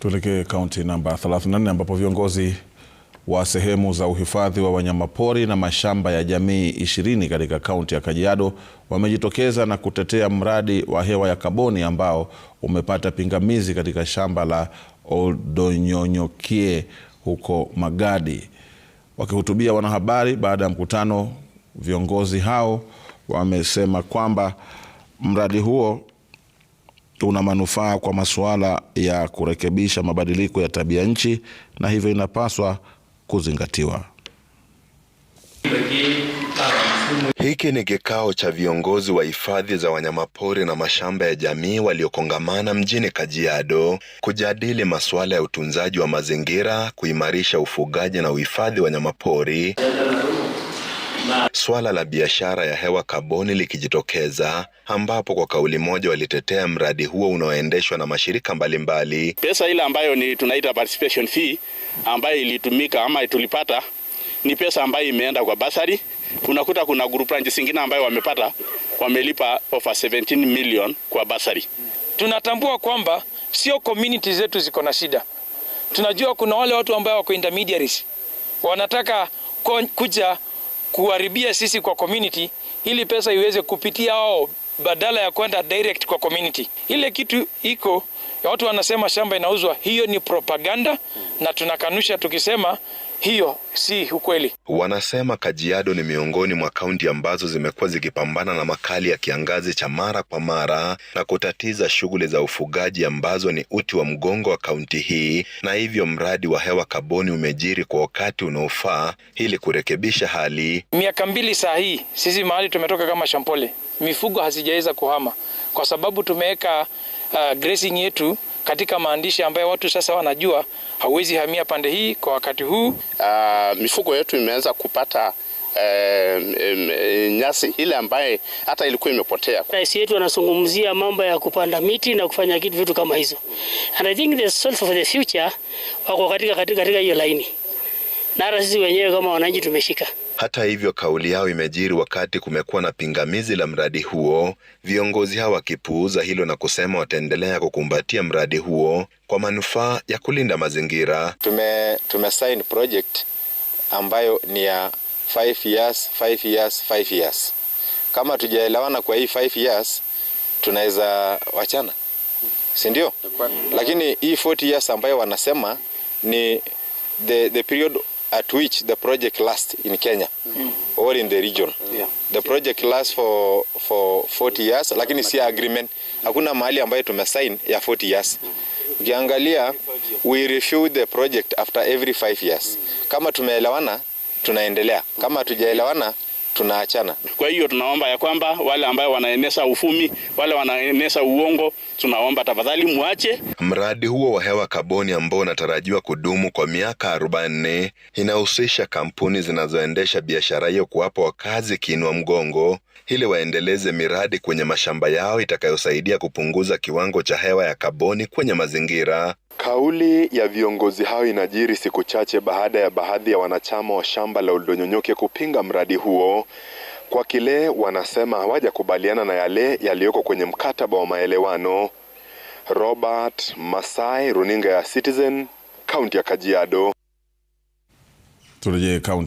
Tuelekee kaunti namba 34 ambapo viongozi wa sehemu za uhifadhi wa wanyamapori na mashamba ya jamii ishirini katika kaunti ya Kajiado wamejitokeza na kutetea mradi wa hewa ya kaboni ambao umepata pingamizi katika shamba la Oldonyonyokie huko Magadi. Wakihutubia wanahabari baada ya mkutano, viongozi hao wamesema kwamba mradi huo una manufaa kwa masuala ya kurekebisha mabadiliko ya tabia nchi na hivyo inapaswa kuzingatiwa. Hiki ni kikao cha viongozi wa hifadhi za wanyamapori na mashamba ya jamii waliokongamana mjini Kajiado kujadili masuala ya utunzaji wa mazingira, kuimarisha ufugaji na uhifadhi wa wanyamapori Swala la biashara ya hewa kaboni likijitokeza, ambapo kwa kauli moja walitetea mradi huo unaoendeshwa na mashirika mbalimbali mbali. Pesa ile ambayo ni tunaita participation fee ambayo ilitumika ama tulipata ni pesa ambayo imeenda kwa basari. Unakuta kuna group range zingine ambayo wamepata wamelipa over 17 million kwa basari. Tunatambua kwamba sio community zetu ziko na shida, tunajua kuna wale watu ambao wako intermediaries wanataka kuja kuharibia sisi kwa community, ili pesa iweze kupitia wao badala ya kwenda direct kwa community. Ile kitu iko Watu wanasema shamba inauzwa, hiyo ni propaganda na tunakanusha tukisema hiyo si ukweli. Wanasema Kajiado ni miongoni mwa kaunti ambazo zimekuwa zikipambana na makali ya kiangazi cha mara kwa mara na kutatiza shughuli za ufugaji ambazo ni uti wa mgongo wa kaunti hii, na hivyo mradi wa hewa kaboni umejiri kwa wakati unaofaa ili kurekebisha hali. Miaka mbili saa hii sisi mahali tumetoka kama Shampole, mifugo hazijaweza kuhama kwa sababu tumeweka uh, grazing yetu yetu katika maandishi ambayo watu sasa wanajua, hauwezi hamia pande hii kwa wakati huu. Uh, mifugo yetu imeanza kupata eh, eh, nyasi ile ambaye hata ilikuwa imepotea. Rais yetu anazungumzia mambo ya kupanda miti na kufanya kitu vitu kama hizo. And I think the soul for the future wako katika katika hiyo laini na hata sisi wenyewe kama wananchi tumeshika. Hata hivyo, kauli yao imejiri wakati kumekuwa na pingamizi la mradi huo, viongozi hao wakipuuza hilo na kusema wataendelea kukumbatia mradi huo kwa manufaa ya kulinda mazingira. Tume, tume sign project ambayo ni ya 5 years, 5 years, 5 years. Kama tujaelewana kwa hii 5 years tunaweza wachana, si ndio? Lakini hii 40 years ambayo wanasema ni the, the period at which the project last in Kenya mm. or in the region yeah. the project last for, for 40 years lakini si agreement hakuna mahali ambayo tumesign ya 40 years ukiangalia we review the project after every 5 years mm. kama tumeelewana tunaendelea kama hatujaelewana tunaachana. Kwa hiyo tunaomba ya kwamba wale ambao wanaeneza ufumi, wale wanaeneza uongo, tunaomba tafadhali muache. Mradi huo wa hewa kaboni ambao unatarajiwa kudumu kwa miaka 40 inahusisha kampuni zinazoendesha biashara hiyo kuwapa wakazi kiinua mgongo ili waendeleze miradi kwenye mashamba yao itakayosaidia kupunguza kiwango cha hewa ya kaboni kwenye mazingira. Kauli ya viongozi hao inajiri siku chache baada ya baadhi ya wanachama wa shamba la Oldonyonyoke kupinga mradi huo kwa kile wanasema hawajakubaliana na yale yaliyoko kwenye mkataba wa maelewano. Robert Masai, runinga ya Citizen, kaunti ya Kajiado. Turejee kaunti